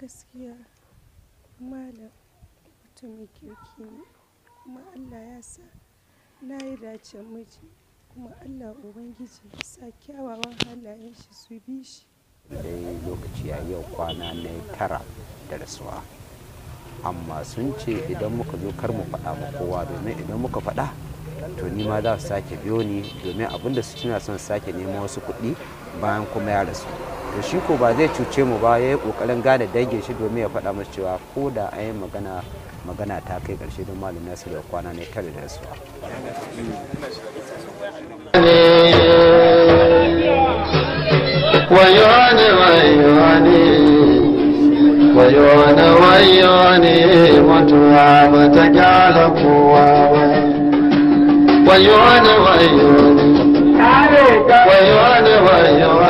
Gaskiya malam mutumin kirki ne kuma Allah ya sa na yi dacen miji kuma Allah Ubangiji ya sa kyawawan halayen shi su bi shi. Dai lokaci ya yau kwana na tara da rasuwa. Amma sun ce idan muka zo kar mu faɗa ma kowa domin idan muka faɗa to ni ma za su sake biyo ni domin abinda su suna son sake nemo wasu kuɗi bayan kuma ya rasu. to shi ko ba zai cuce mu ba yayi kokarin gane dangin shi domin ya faɗa masa cewa ko da a yi magana magana ta kai ƙarshe don malam nasu da kwana ne kare da su ويعني ويعني ويعني ويعني وتعاب تجعل قوابا ويعني ويعني ويعني ويعني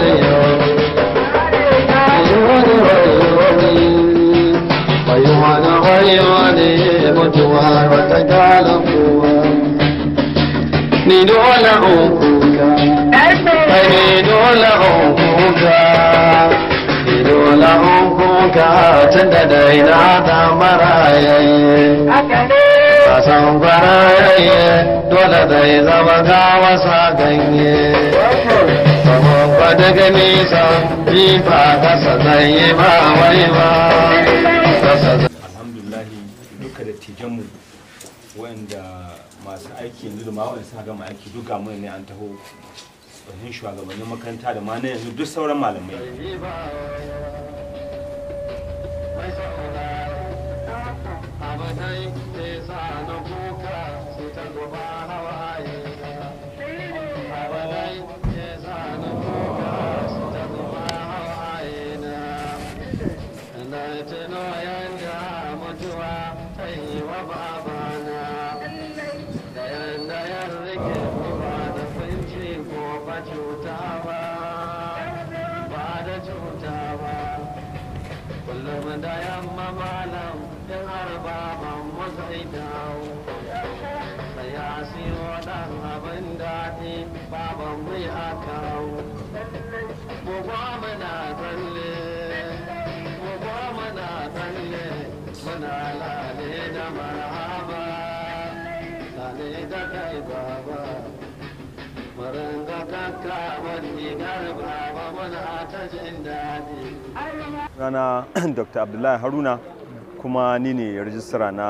ce mutuwa ba ni dole ni dole ni dole tun da daina ta marayaye kasan farayaye dole dai zama ga wasa ganye ba daga nesa kasa ba wai ba mu wanda masu aiki yanzu da mawa'in suna gama aiki duk ga ne an taho tsohon shugabannin makaranta da ma na yanzu duk sauran malamai Thank you. zai dawo daɗi baban mai tsalle rana dr abdullahi haruna kuma ni ne rijistara na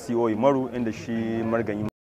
co Maru inda shi marganyi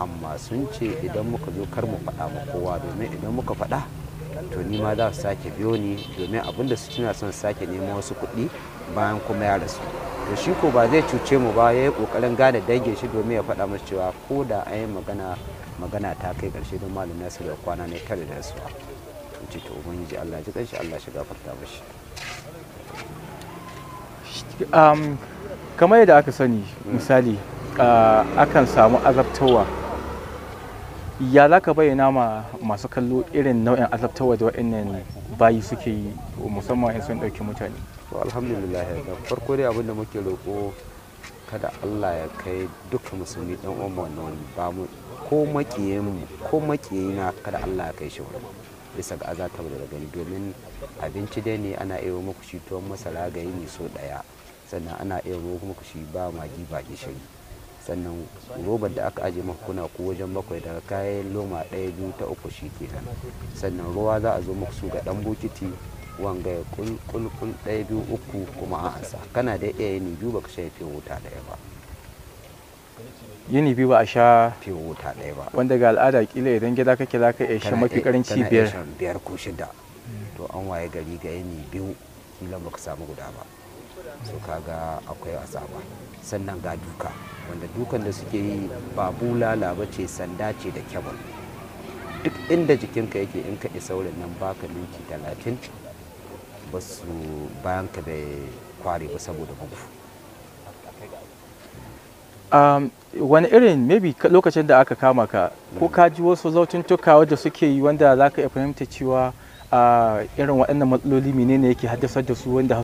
amma sun ce idan muka zo kar mu faɗa ma kowa domin idan muka faɗa to ni ma za su sake biyo ni domin abin da su tuna son sake neman wasu kuɗi bayan kuma ya rasu to shi ko ba zai cuce mu ba ya yi ƙoƙarin gane dangin shi domin ya faɗa musu cewa ko da an yi magana magana ta kai ƙarshe don malam nasiru da kwana ne tare da rasuwa to ce to ubangiji allah ji kanshi allah shi gafarta mashi kamar yadda aka sani misali akan samu azabtawa ya za ka bayyana ma masu kallo irin nau'in azabtawa da wa'annan bayi suke yi musamman in sun ɗauki mutane to alhamdulillah da farko dai abin da muke roƙo kada Allah ya kai duka musulmi dan uwan wannan ba mu ko makiyin mu ko makiyina kada Allah ya kai shi wurin bisa ga azata da gani domin abinci dai ne ana iya muku shi tuwon masara ga yini so daya sannan ana iya muku shi ba magi ba gishiri sannan robar da aka ajiye maka kuna ko wajen bakwai daga kayan loma ɗaya biyu ta uku shi kenan sannan ruwa za a zo muku su ga ɗan bokiti wanga ya kulkul ɗaya biyu uku kuma a ansa kana da iya yini biyu baka sha fiye wuta ɗaya ba yini biyu ba a sha fiye wuta ɗaya ba wanda ga al'ada kila idan gida kake za ka iya shan mafi karanci biyar biyar ko shida to an waye gari ga yini biyu kila baka samu guda ba so kaga akwai asaba sannan ga duka wanda dukan da suke yi ba bulala ba ce sanda ce da kyabon duk inda jikinka yake in ka isa wurin nan baka minti talatin ba su bayan ka da kware ba saboda bugu um, wani irin maybe lokacin da aka kama ka ko ka ji wasu tukawa da suke yi wanda za ka iya fahimta cewa uh, irin waɗannan matsaloli menene yake haddasar da su wanda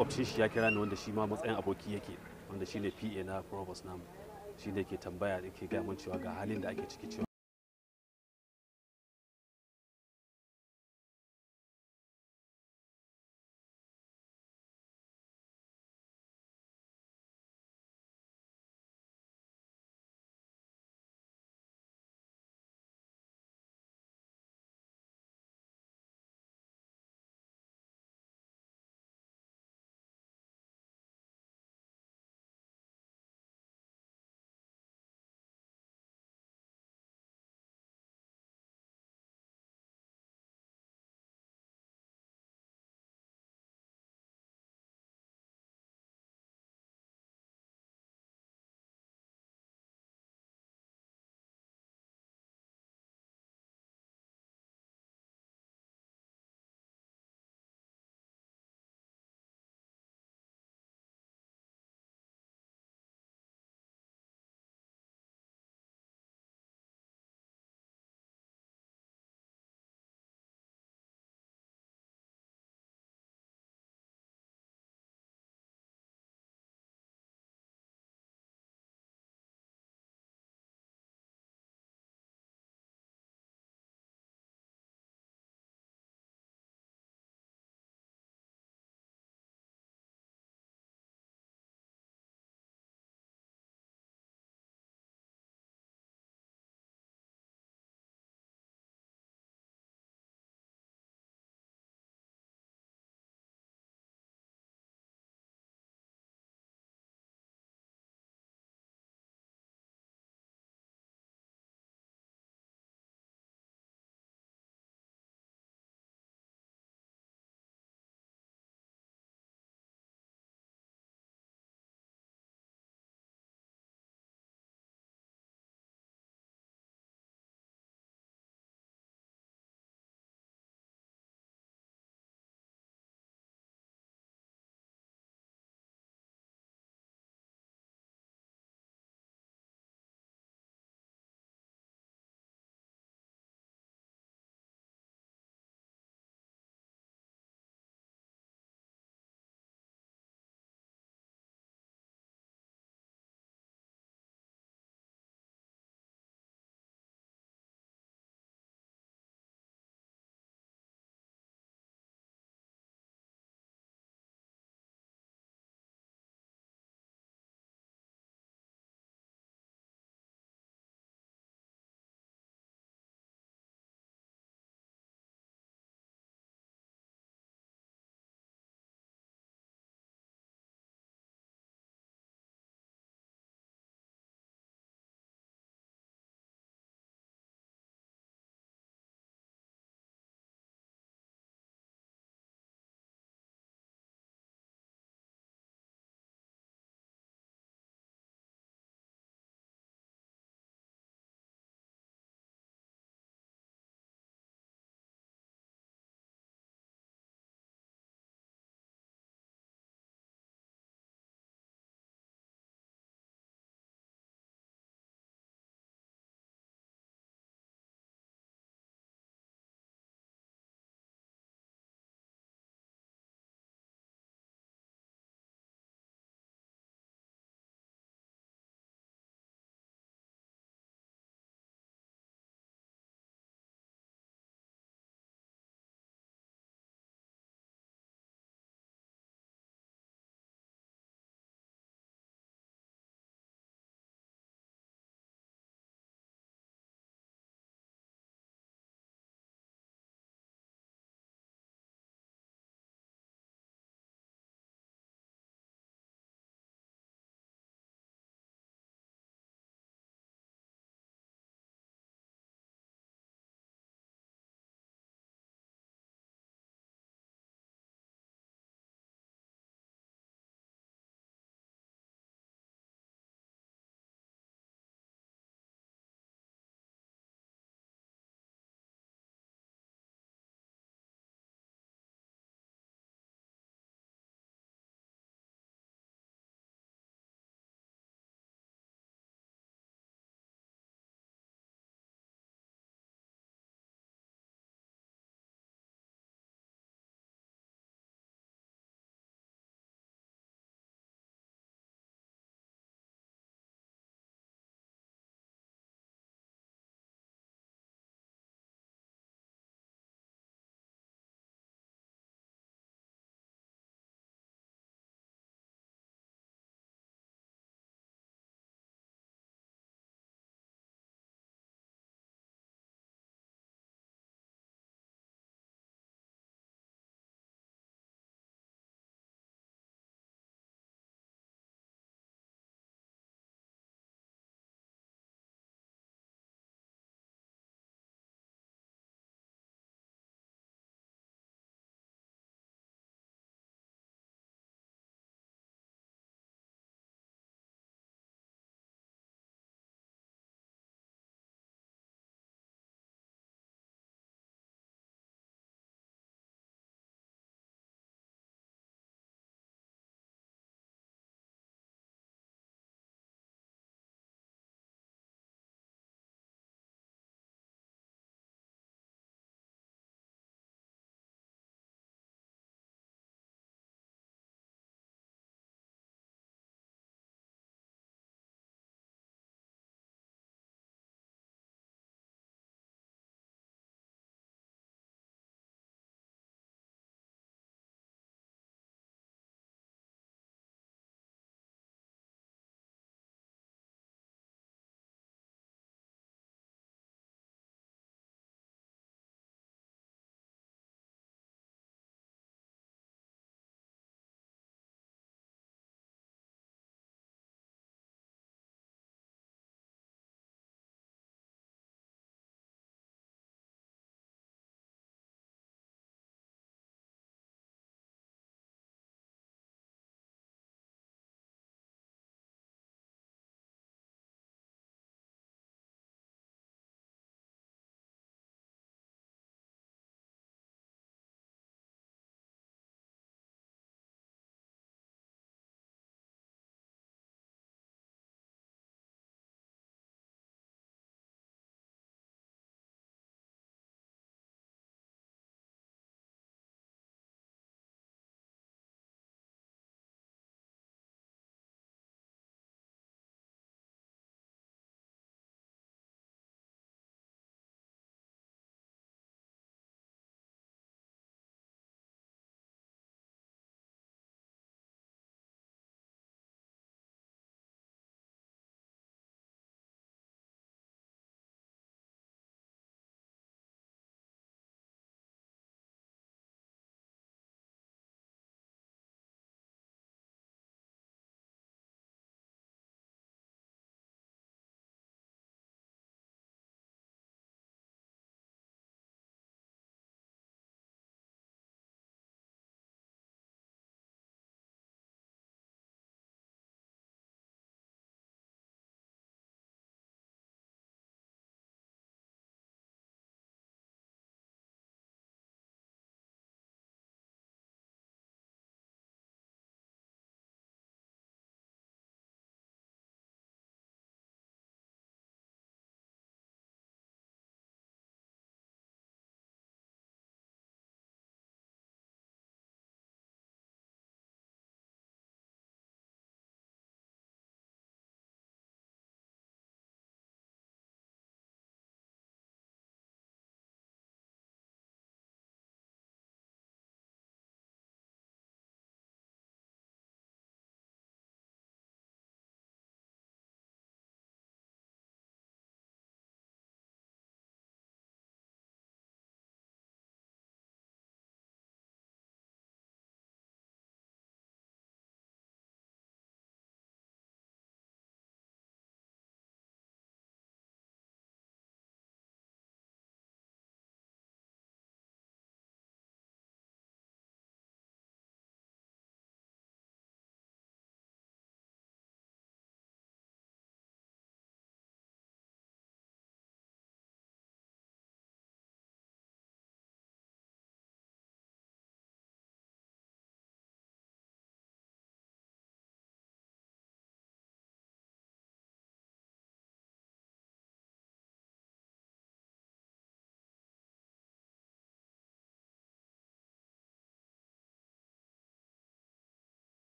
makwabcin shi ya kira ni wanda shi ma matsayin aboki yake wanda shine PA na Provost namu shi ne ke tambaya ke gaya cewa ga halin da ake ciki cewa